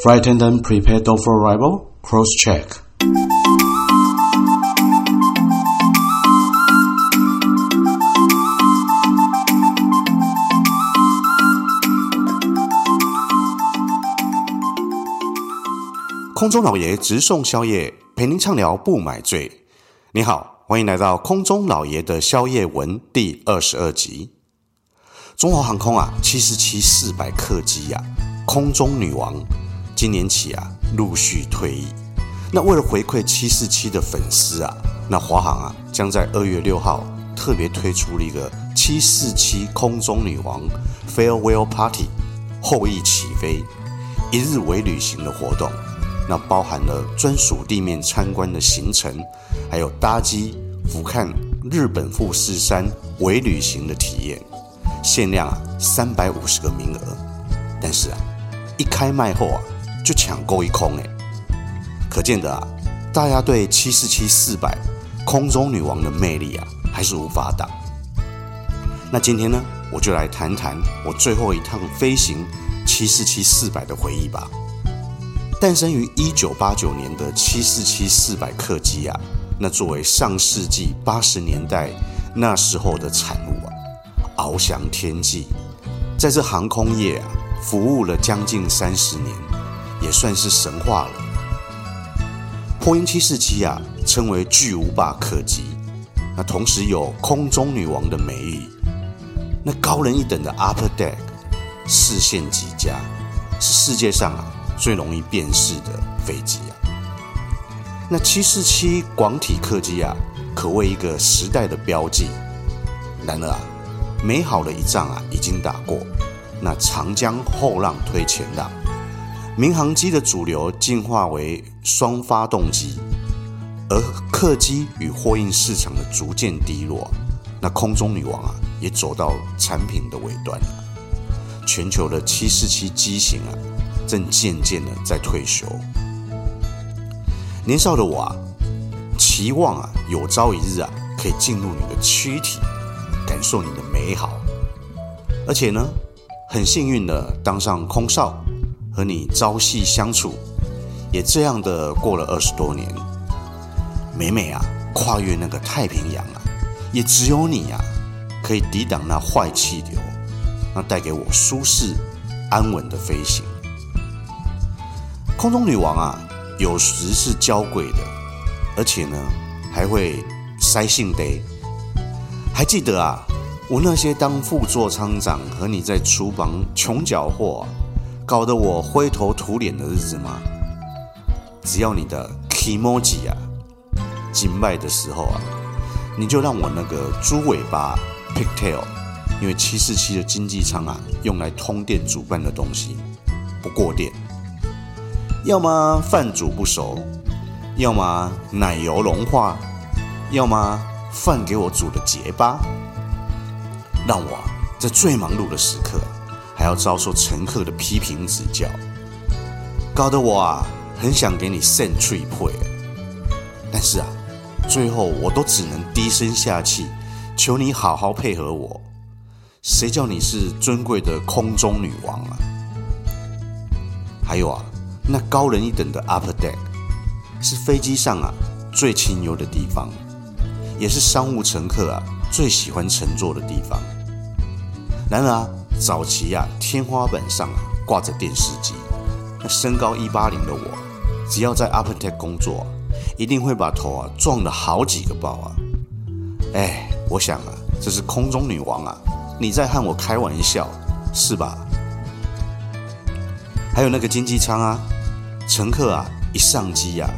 Frightened and prepared for arrival. Cross check. 空中老爺直送宵夜，陪您暢聊不買醉。你好，歡迎來到空中老爺的宵夜文第二十二集。中華航空啊，七四七四百客機呀、啊，空中女王。今年起啊，陸續退役。那為了回饋747的粉絲啊，那華航啊，將在二月六號特別推出了一個747空中女王 farewell party 後翼起飛一日為旅行的活動。那包含了專屬地面參觀的行程，還有搭機俯瞰日本富士山為旅行的體驗。限量啊三百五十個名額，但是啊一開賣後啊。就搶購一空哎，可見得啊，大家對747四百空中女王的魅力啊，還是無法擋。那今天呢，我就來談談我最後一趟飛行747四百的回憶吧。誕生於1989年的747四百客機啊，那作為上世紀八十年代那時候的產物啊，翱翔天際，在這航空業啊，服務了將近三十年。也算是神話了。波音747啊，稱為巨無霸客機，那同時有空中女王的美譽。那高人一等的 Upper Deck 視線極佳，是世界上啊最容易辨識的飛機啊。那747廣體客機啊，可謂一個時代的標記。然而啊，美好的一仗啊已經打過，那長江後浪推前浪。民航機的主流進化為雙發動機，而客機與貨運市場的逐漸低落，那空中女王啊也走到產品的尾端了。全球的747機型啊，正漸漸的在退休。年少的我啊，期望啊有朝一日啊可以進入你的軀體，感受你的美好，而且呢，很幸運的當上空少。和你朝夕相處，也這樣的過了二十多年。每每啊，跨越那個太平洋啊，也只有你啊，可以抵擋那壞氣流，那帶給我舒適安穩的飛行。空中女王啊，有時是嬌貴的，而且呢，還會塞性得。還記得啊，我那些當副座艙長和你在廚房窮攪和、啊。搞得我灰頭土臉的日子嗎？只要你的 Kimoji 啊，經脈的時候啊，你就讓我那個豬尾巴 pigtail，因為七四七的經濟艙啊，用來通電煮飯的東西，不過電，要麼飯煮不熟，要麼奶油融化，要麼飯給我煮的結巴，讓我、啊、在最忙碌的時刻。還要遭受乘客的批評指教，搞得我啊很想給你扇脆皮，但是啊，最後我都只能低聲下氣，求你好好配合我。誰叫你是尊貴的空中女王啊？還有啊，那高人一等的 upper deck 是飛機上啊最清幽的地方，也是商務乘客啊最喜歡乘坐的地方。然而，啊……早期啊，天花板上啊掛着電視機，那身高一八零的我，只要在 UPTECH 工作，一定會把頭啊撞了好幾個包啊！哎、欸，我想啊，這是空中女王啊，你在和我開玩笑是吧？還有那個經濟艙啊，乘客啊一上機啊，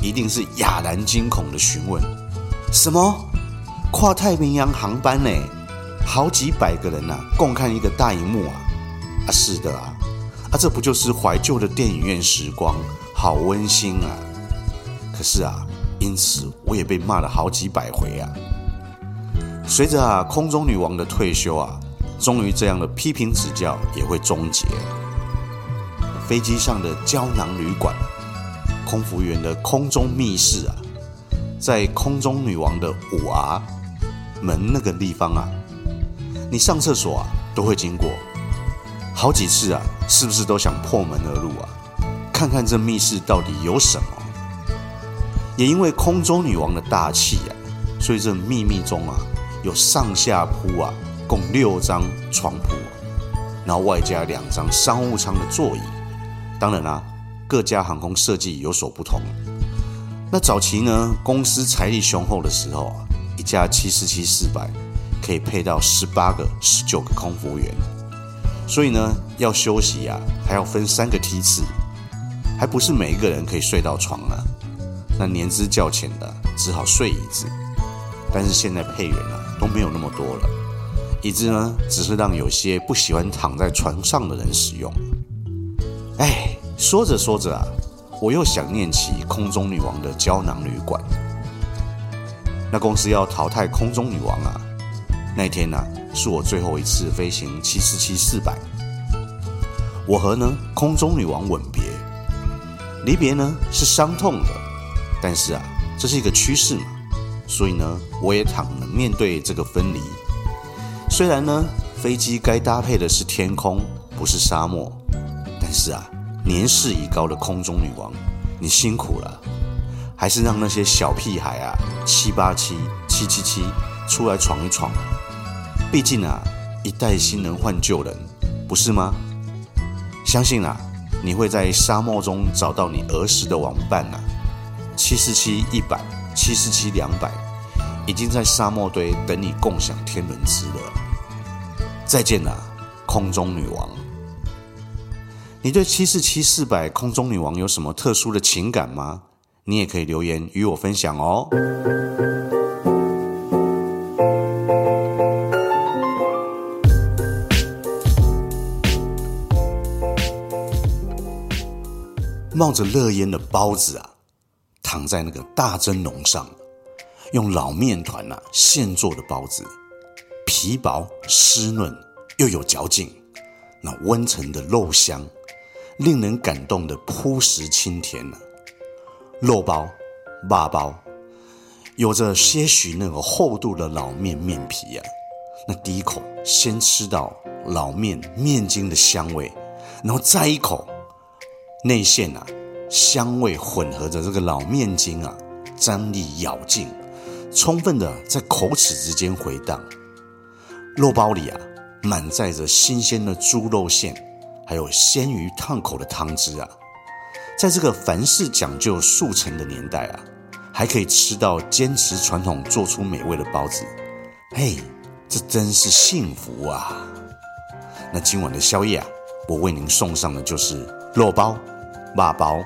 一定是啞然驚恐的詢問：什麼跨太平洋航班呢，欸？好幾百個人吶、啊，共看一個大熒幕啊！啊，是的啊，啊，這不就是懷舊的電影院時光，好溫馨啊！可是啊，因此我也被罵了好幾百回啊。隨着啊空中女王的退休啊，終於這樣的批評指教也會終結。飛機上的膠囊旅館，空服員的空中密室啊，在空中女王的五娃、啊、門那個地方啊。你上廁所啊，都會經過好幾次啊，是不是都想破門而入啊？看看這密室到底有什麼？也因為空中女王的大氣啊，所以這秘密中啊，有上下鋪啊，共六張床鋪啊，然後外加兩張商務艙的座椅。當然啦，各家航空設計有所不同。那早期呢，公司財力雄厚的時候啊，一架七四七四百。可以配到十八個、十九個空服務員，所以呢，要休息呀、啊，還要分三個梯次，還不是每一個人可以睡到床啊？那年資較淺的只好睡椅子，但是現在配員啊都沒有那麼多了，椅子呢只是讓有些不喜歡躺在床上的人使用。哎，說着說着啊，我又想念起空中女王的膠囊旅館。那公司要淘汰空中女王啊！那天呢、啊，是我最後一次飛行七四七四百，我和呢空中女王吻別，離別呢是傷痛的，但是啊，這是一個趨勢嘛，所以呢，我也坦然面對這個分離。雖然呢，飛機該搭配的是天空，不是沙漠，但是啊，年事已高的空中女王，你辛苦了、啊，還是讓那些小屁孩啊，七八七七七七。出來闖一闖，畢竟啊，一代新人換舊人，不是嗎？相信啊，你會在沙漠中找到你兒時的玩伴啊。七四七一百，七四七兩百，已經在沙漠堆等你共享天倫之樂了。再見吶、啊，空中女王。你對七四七四百空中女王有什麼特殊的情感嗎？你也可以留言與我分享哦。冒着熱煙的包子啊，躺在那個大蒸籠上，用老面糰吶現做的包子，皮薄濕潤又有嚼勁，那溫存的肉香，令人感動的樸實清甜呢、啊，肉包、肉包。有着些許那個厚度的老麵麵皮啊，那第一口先吃到老麵麵筋的香味，然後再一口內餡啊，香味混合着這個老麵筋啊，張力咬勁，充分的在口齒之間回盪。肉包裡啊，滿載着新鮮的豬肉餡，還有鮮魚燙口的湯汁啊，在這個凡事講究速成的年代啊。還可以吃到堅持傳統做出美味的包子，嘿，這真是幸福啊！那今晚的宵夜啊，我為您送上的就是肉包、麻包。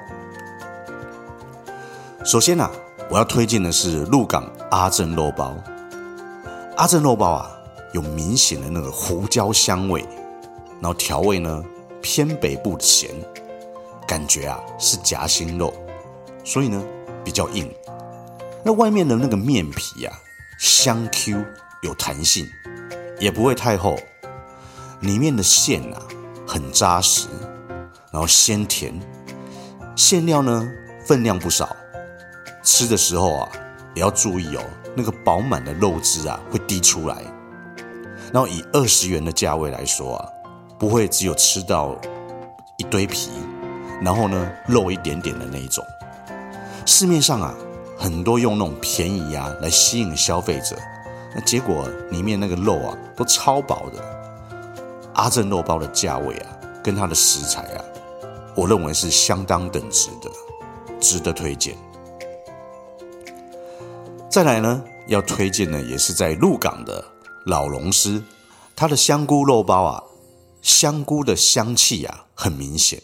首先呢、啊，我要推薦的是鹿港阿振肉包。阿振肉包啊，有明顯的那個胡椒香味，然後調味呢偏北部的鹹，感覺啊是夾心肉，所以呢比較硬。那外面的那個麵皮啊，香 Q 有彈性，也不會太厚。裡面的餡啊很扎實，然後鮮甜，餡料呢分量不少。吃的時候啊也要注意哦，那個飽滿的肉汁啊會滴出來。然後以二十元的價位來說啊，不會只有吃到一堆皮，然後呢肉一點點的那種。市面上啊，很多用那種便宜啊來吸引消費者，那結果裡面那個肉啊都超薄的。阿振肉包的價位啊，跟它的食材啊，我認為是相當等值的，值得推薦。再來呢，要推薦的也是在鹿港的老龍師，它的香菇肉包啊，香菇的香氣啊很明顯，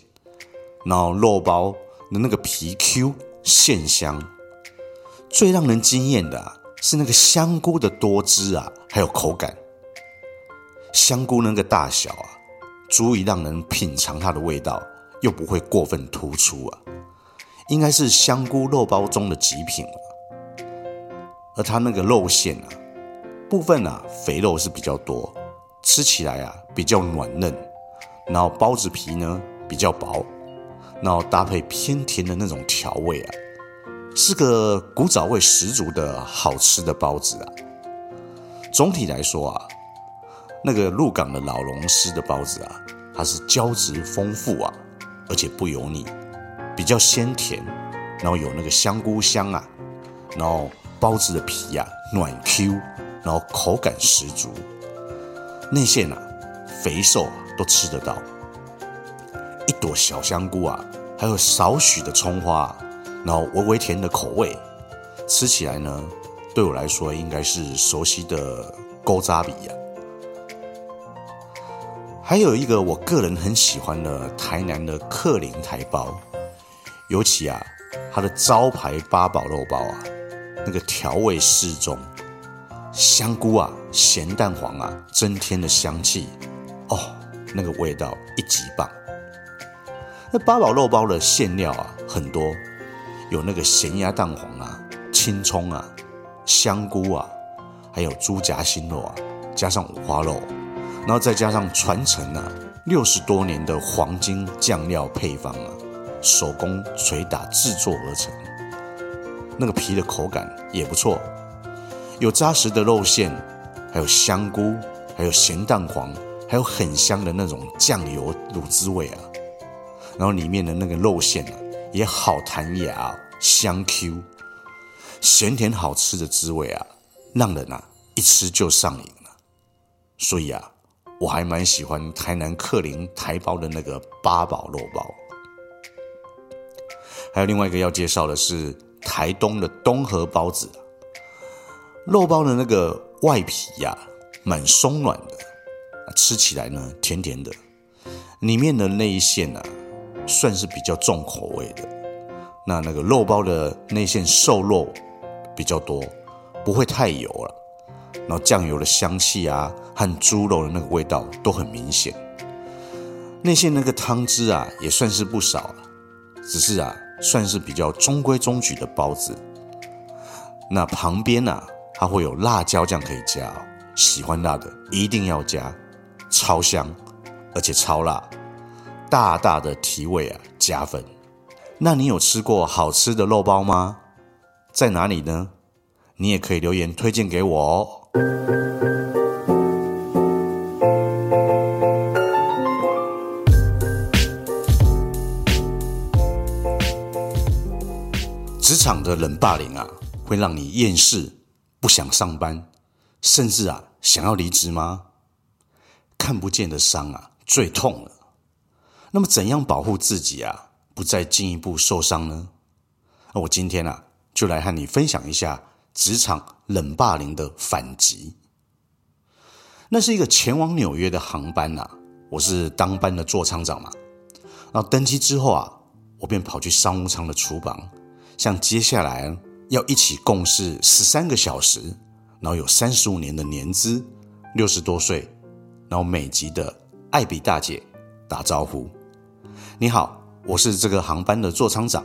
然後肉包的那個皮 Q，餡香。最讓人驚艷的啊，是那個香菇的多汁啊，還有口感。香菇那個大小啊，足以讓人品嚐它的味道，又不會過分突出啊，應該是香菇肉包中的極品了啊。而它那個肉餡啊，部分啊，肥肉是比較多，吃起來啊比較軟嫩，然後包子皮呢比較薄，然後搭配偏甜的那種調味啊。是個古早味十足的好吃的包子啊！總體來說啊，那個鹿港的老龍師的包子啊，它是膠質豐富啊，而且不油膩，比較鮮甜，然後有那個香菇香啊，然後包子的皮啊，暖 Q，然後口感十足，內餡啊肥瘦啊都吃得到，一朵小香菇啊，還有少許的蔥花、啊。然後微微甜的口味，吃起來呢，對我來說應該是熟悉的古早味啊。還有一個我個人很喜歡的台南的克林台包，尤其啊，它的招牌八寶肉包啊，那個調味適中，香菇啊、鹹蛋黃啊增添的香氣，哦，那個味道一級棒。那八寶肉包的餡料啊，很多。有那個鹹鴨蛋黃啊，青蔥啊，香菇啊，還有豬夾心肉啊，加上五花肉，然後再加上傳承了六十多年的黃金醬料配方啊，手工捶打製作而成。那個皮的口感也不錯，有紮實的肉餡，還有香菇，還有鹹蛋黃，還有很香的那種醬油滷汁味啊。然後裡面的那個肉餡啊。也好彈牙，香 Q，鹹甜好吃的滋味啊，讓人啊一吃就上癮了。所以啊，我還蠻喜歡台南克林台包的那個八寶肉包。還有另外一個要介紹的是台東的東河包子，肉包的那個外皮呀、啊，蠻鬆軟的，吃起來呢甜甜的，裡面的那一餡啊，算是比較重口味的，那那個肉包的內餡瘦肉比較多，不會太油了。然後醬油的香氣啊，和豬肉的那個味道都很明顯。內餡那個湯汁啊，也算是不少了。只是啊，算是比較中規中矩的包子。那旁邊呢、啊，它會有辣椒醬可以加哦。喜歡辣的一定要加，超香，而且超辣。大大的提味啊，加分！那你有吃過好吃的肉包嗎？在哪裡呢？你也可以留言推薦給我哦。職場的冷霸凌啊，會讓你厭世、不想上班，甚至啊想要離職嗎？看不見的傷啊，最痛了。那麼，怎樣保護自己啊，不再進一步受傷呢？那我今天啊，就來和你分享一下職場冷霸凌的反擊。那是一個前往紐約的航班啊，我是當班的座艙長嘛。那登機之後啊，我便跑去商務艙的廚房，向接下來要一起共事十三個小時，然後有三十五年的年資，六十多歲，然後美籍的艾比大姐打招呼。你好，我是這個航班的座艙長。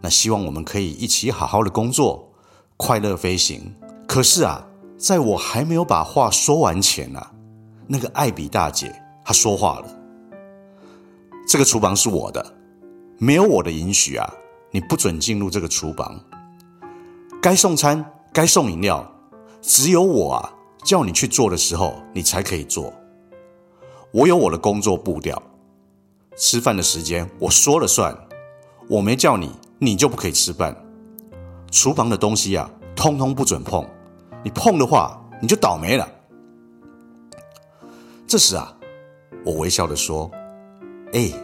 那希望我們可以一起好好的工作，快樂飛行。可是啊，在我還沒有把話說完前呢、啊，那個艾比大姐她說話了：“這個廚房是我的，沒有我的允許啊，你不准進入這個廚房。該送餐、該送飲料，只有我啊叫你去做的時候，你才可以做。我有我的工作步調。”吃飯的時間我說了算，我沒叫你，你就不可以吃飯。廚房的東西啊，通通不准碰，你碰的話你就倒霉了。這時啊，我微笑的說：“誒、欸，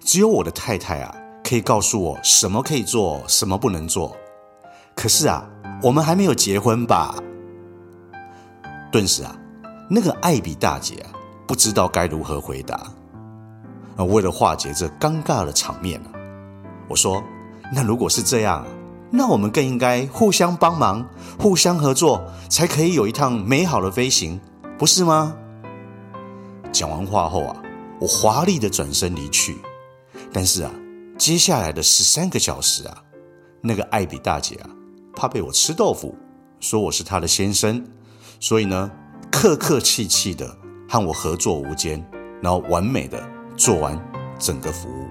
只有我的太太啊，可以告訴我什麼可以做，什麼不能做。可是啊，我們還沒有結婚吧？”頓時啊，那個艾比大姐啊，不知道該如何回答。那為了化解這尷尬的場面啊，我說：“那如果是這樣，那我們更應該互相幫忙、互相合作，才可以有一趟美好的飛行，不是嗎？”講完話後啊，我華麗的轉身離去。但是啊，接下來的十三個小時啊，那個艾比大姐啊，怕被我吃豆腐，說我是她的先生，所以呢，客客氣氣的和我合作無間，然後完美的。做完整個服務。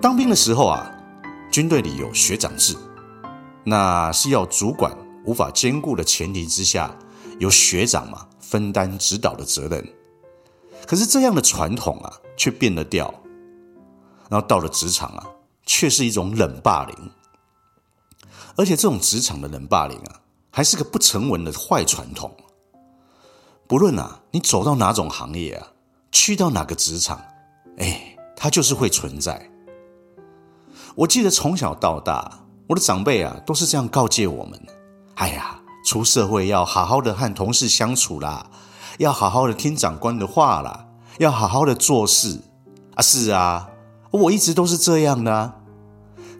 當兵的時候啊，軍隊裡有學長制，那是要主管無法兼顧的前提之下，由學長嘛、啊、分擔指導的責任。可是這樣的傳統啊，卻變了調，然後到了職場啊，卻是一種冷霸凌，而且這種職場的冷霸凌啊，還是個不成文的壞傳統。不論啊，你走到哪種行業啊，去到哪個職場，哎，他就是會存在。我記得從小到大，我的長輩啊都是這樣告誡我們，哎呀，出社會要好好的和同事相處啦，要好好的聽長官的話啦，要好好的做事啊。是啊，我一直都是這樣的啊。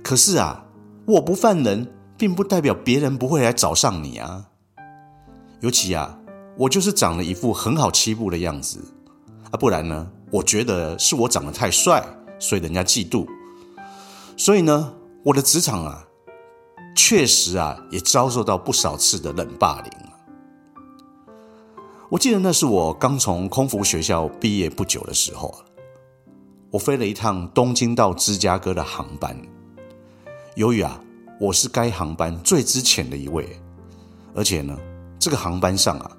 可是啊，我不犯人，並不代表別人不會來找上你啊。尤其啊，我就是長了一副很好欺負的樣子。啊、不然呢？我覺得是我長得太帥，所以人家嫉妒。所以呢，我的職場啊，確實啊，也遭受到不少次的冷霸凌。我記得那是我剛從空服學校畢業不久的時候，我飛了一趟東京到芝加哥的航班。由於啊，我是該航班最資淺的一位，而且呢，這個航班上啊，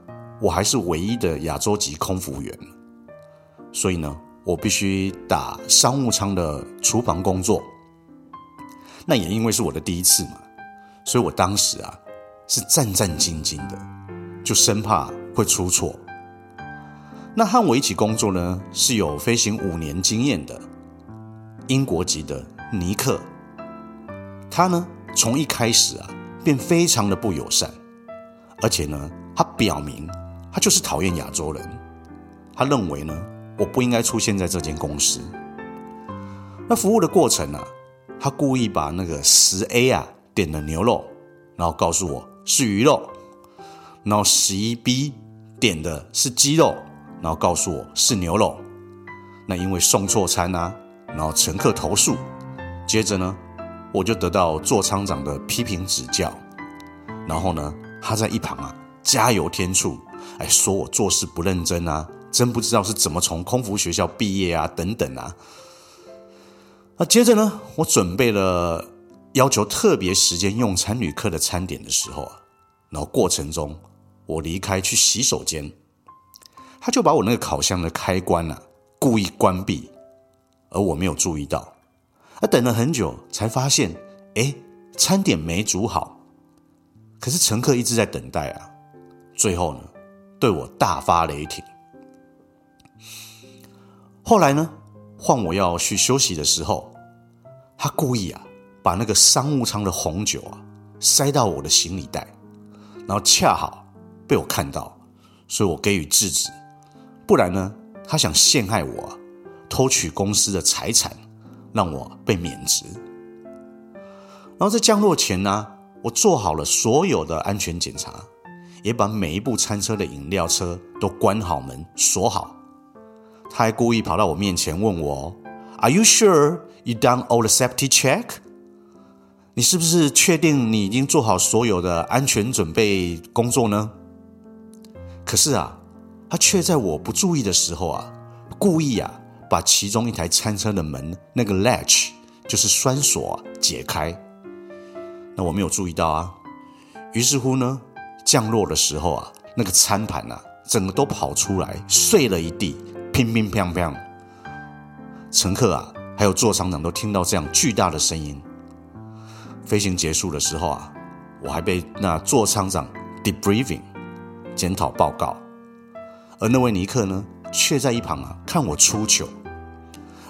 我還是唯一的亞洲籍空服員。所以呢，我必須打商務艙的廚房工作。那也因為是我的第一次嘛，所以我當時啊是戰戰兢兢的，就生怕會出錯。那和我一起工作呢，是有飛行五年經驗的英國籍的尼克。他呢，從一開始啊便非常的不友善，而且呢，他表明他就是討厭亞洲人，他認為呢。我不應該出現在這間公司。那服務的過程呢、啊，他故意把那個十 A 啊點的牛肉，然後告訴我是魚肉，然後十一 B 點的是雞肉，然後告訴我是牛肉。那因為送錯餐啊，然後乘客投訴，接着呢，我就得到座艙長的批評指教，然後呢，他在一旁啊加油添醋，哎，說我做事不認真啊。真不知道是怎麼從空服學校畢業啊，等等啊。那、啊、接着呢，我準備了要求特別時間用餐旅客的餐點的時候啊，然後過程中我離開去洗手間，他就把我那個烤箱的開關啊故意關閉，而我沒有注意到。啊，等了很久才發現，哎、欸，餐點沒煮好。可是乘客一直在等待啊，最後呢，對我大發雷霆。後來呢，換我要去休息的時候，他故意啊，把那個商務艙的紅酒啊塞到我的行李袋，然後恰好被我看到，所以我給予制止。不然呢，他想陷害我啊，偷取公司的財產，讓我被免職。然後在降落前呢啊，我做好了所有的安全檢查，也把每一部餐車的飲料車都關好門，鎖好。他還故意跑到我面前問我：“Are you sure you done all the safety check？” 你是不是確定你已經做好所有的安全準備工作呢？可是啊，他卻在我不注意的時候啊，故意啊把其中一台餐車的門那個 latch，就是栓鎖解開。那我沒有注意到啊，於是乎呢，降落的時候啊，那個餐盤啊，整個都跑出來，碎了一地。乒乒乓乓，乘客啊，還有座艙長都聽到這樣巨大的聲音。飛行結束的時候啊，我還被那座艙長 debriefing 檢討報告，而那位尼克呢，卻在一旁啊看我出糗。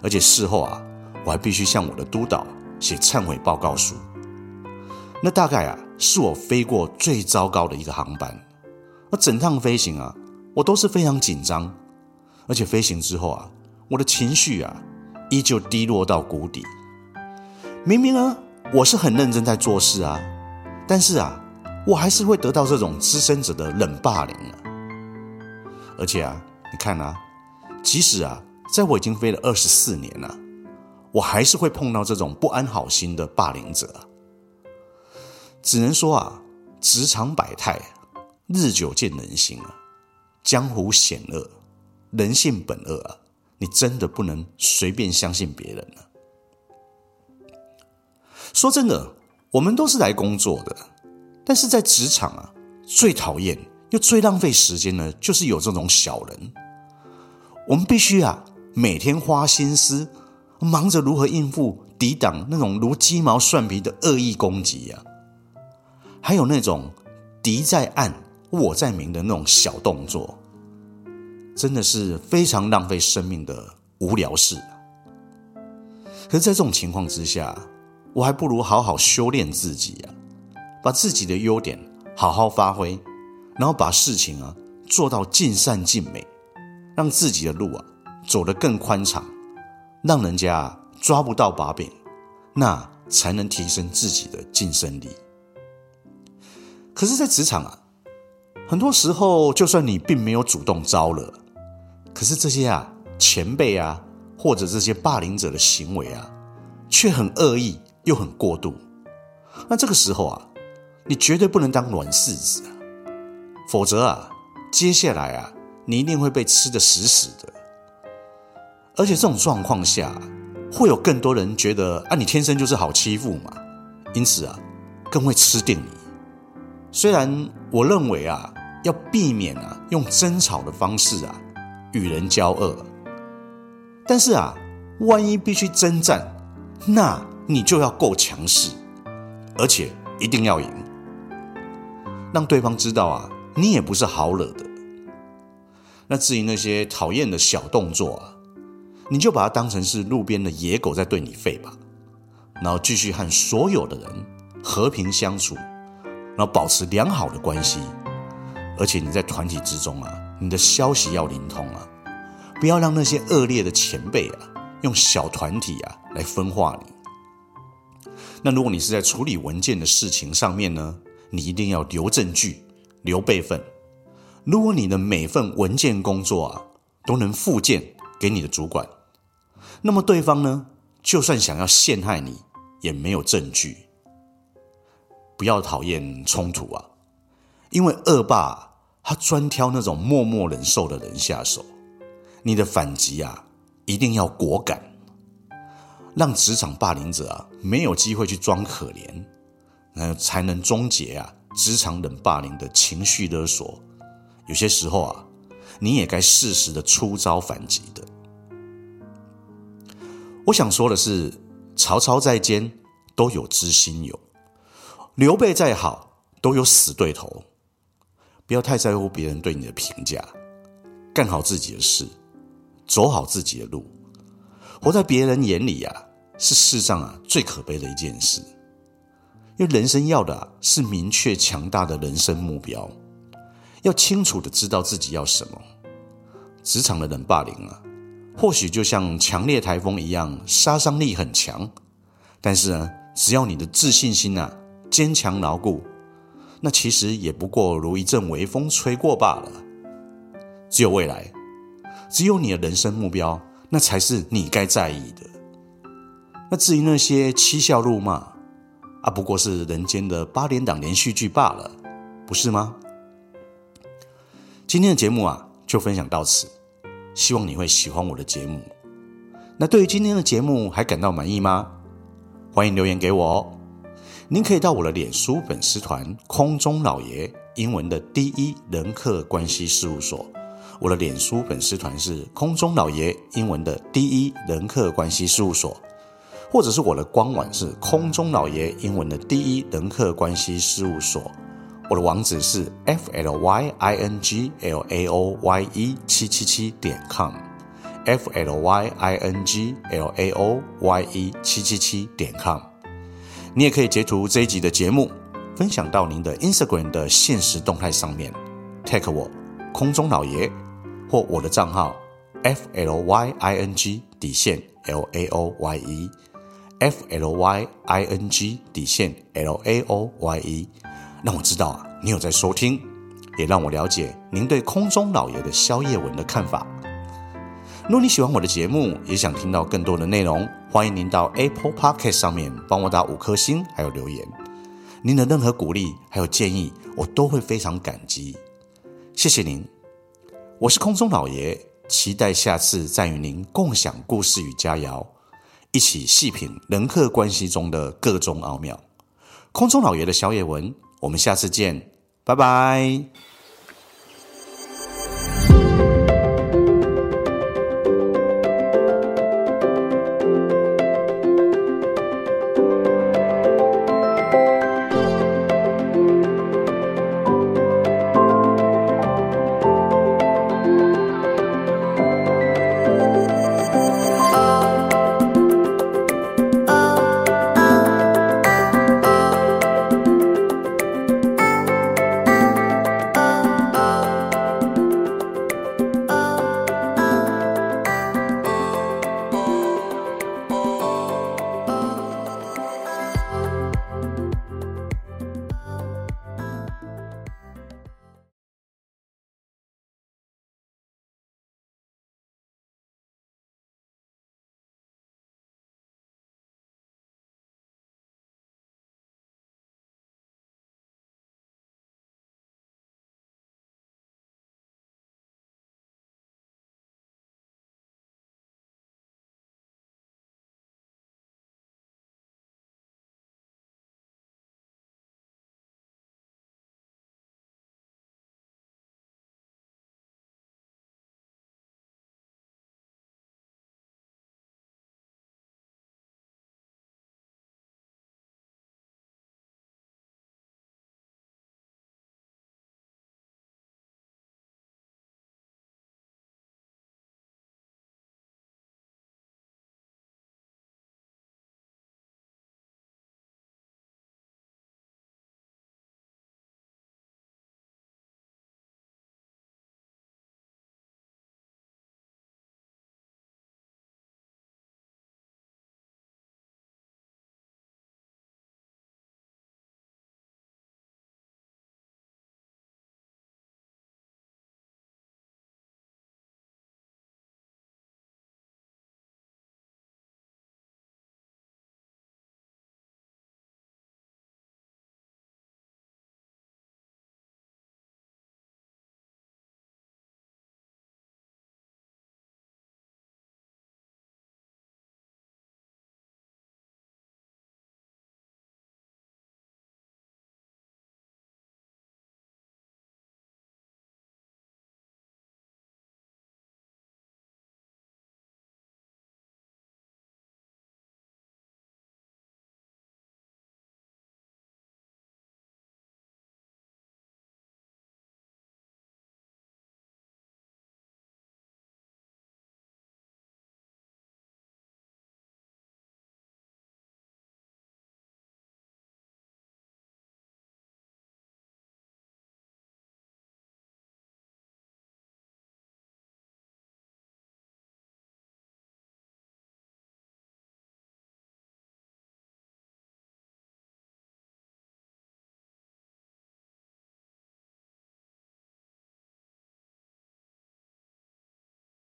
而且事後啊，我還必須向我的督導寫懺悔報告書。那大概啊，是我飛過最糟糕的一個航班。那整趟飛行啊，我都是非常緊張。而且飛行之後啊，我的情緒啊，依舊低落到谷底。明明啊，我是很認真在做事啊，但是啊，我還是會得到這種資深者的冷霸凌啊。而且啊，你看啊，即使啊，在我已經飛了二十四年了啊，我還是會碰到這種不安好心的霸凌者啊。只能說啊，職場百態，日久見人心啊，江湖險惡。人性本惡啊！你真的不能隨便相信別人啊。說真的，我們都是來工作的，但是在職場啊，最討厭又最浪費時間的，就是有這種小人。我們必須啊，每天花心思，忙着如何應付、抵擋那種如雞毛蒜皮的惡意攻擊啊。還有那種敵在暗、我在明的那種小動作。真的是非常浪費生命的無聊事啊。可是在這種情況之下，我還不如好好修煉自己啊，把自己的優點好好發揮，然後把事情啊做到盡善盡美，讓自己的路啊走得更寬敞，讓人家抓不到把柄，那才能提升自己的競爭力。可是，在職場啊，很多時候就算你並沒有主動招惹。可是這些啊，前輩啊，或者這些霸凌者的行為啊，卻很惡意又很過度。那這個時候啊，你絕對不能當軟柿子啊，否則啊，接下來啊，你一定會被吃得死死的。而且這種狀況下啊，會有更多人覺得啊，你天生就是好欺負嘛，因此啊，更會吃定你。雖然我認為啊，要避免啊，用爭吵的方式啊。與人交惡，但是啊，萬一必須征戰，那你就要夠強勢，而且一定要贏，讓對方知道啊，你也不是好惹的。那至於那些討厭的小動作啊，你就把它當成是路邊的野狗在對你吠吧，然後繼續和所有的人和平相處，然後保持良好的關係，而且你在團體之中啊。你的消息要靈通啊，不要讓那些惡劣的前輩啊，用小團體啊來分化你。那如果你是在處理文件的事情上面呢，你一定要留證據、留備份。如果你的每份文件工作啊，都能附件給你的主管，那麼對方呢，就算想要陷害你，也沒有證據。不要討厭衝突啊，因為惡霸啊。他專挑那種默默忍受的人下手，你的反擊啊，一定要果敢，讓職場霸凌者啊沒有機會去裝可憐，那才能終結啊職場冷霸凌的情緒勒索。有些時候啊，你也該適時的出招反擊的。我想說的是，曹操再奸都有知心友，劉備再好都有死對頭。不要太在乎別人對你的評價，幹好自己的事，走好自己的路，活在別人眼裡啊，是世上啊最可悲的一件事。因為人生要的是明確、強大的人生目標，要清楚的知道自己要什麼。職場的冷霸凌啊，或許就像強烈颱風一樣，殺傷力很強。但是呢，只要你的自信心啊，堅強牢固。那其實也不過如一陣微風吹過罷了。只有未來，只有你的人生目標，那才是你該在意的。那至於那些嬉笑怒罵，啊，不過是人間的八點檔連續劇罷了，不是嗎？今天的節目啊，就分享到此。希望你會喜歡我的節目。那對於今天的節目還感到滿意嗎？歡迎留言給我哦。您可以到我的臉書粉絲團“空中老爺”英文的第一人客關係事務所。我的臉書粉絲團是“空中老爺”英文的第一人客關係事務所，或者是我的官網是“空中老爺”英文的第一人客關係事務所。我的網址是 flyinglaoye777.com，f l y i n g l a o y e 七七七點 com，f l y i n g l a o y e 七七七點 com。你也可以截圖這一集的節目，分享到您的 Instagram 的限時動態上面，tag 我空中老爺或我的賬號 flying 底線 l a o y e f l y i n g 底線 l a o y e，讓我知道啊你有在收聽，也讓我了解您對空中老爺的宵夜文的看法。如果你喜歡我的節目，也想聽到更多的內容。歡迎您到 Apple Podcast 上面幫我打五顆星，還有留言。您的任何鼓勵還有建議，我都會非常感激。謝謝您，我是空中老爺，期待下次再與您共享故事與佳肴，一起細品人客關係中的各種奧妙。空中老爺的宵夜文，我們下次見，拜拜。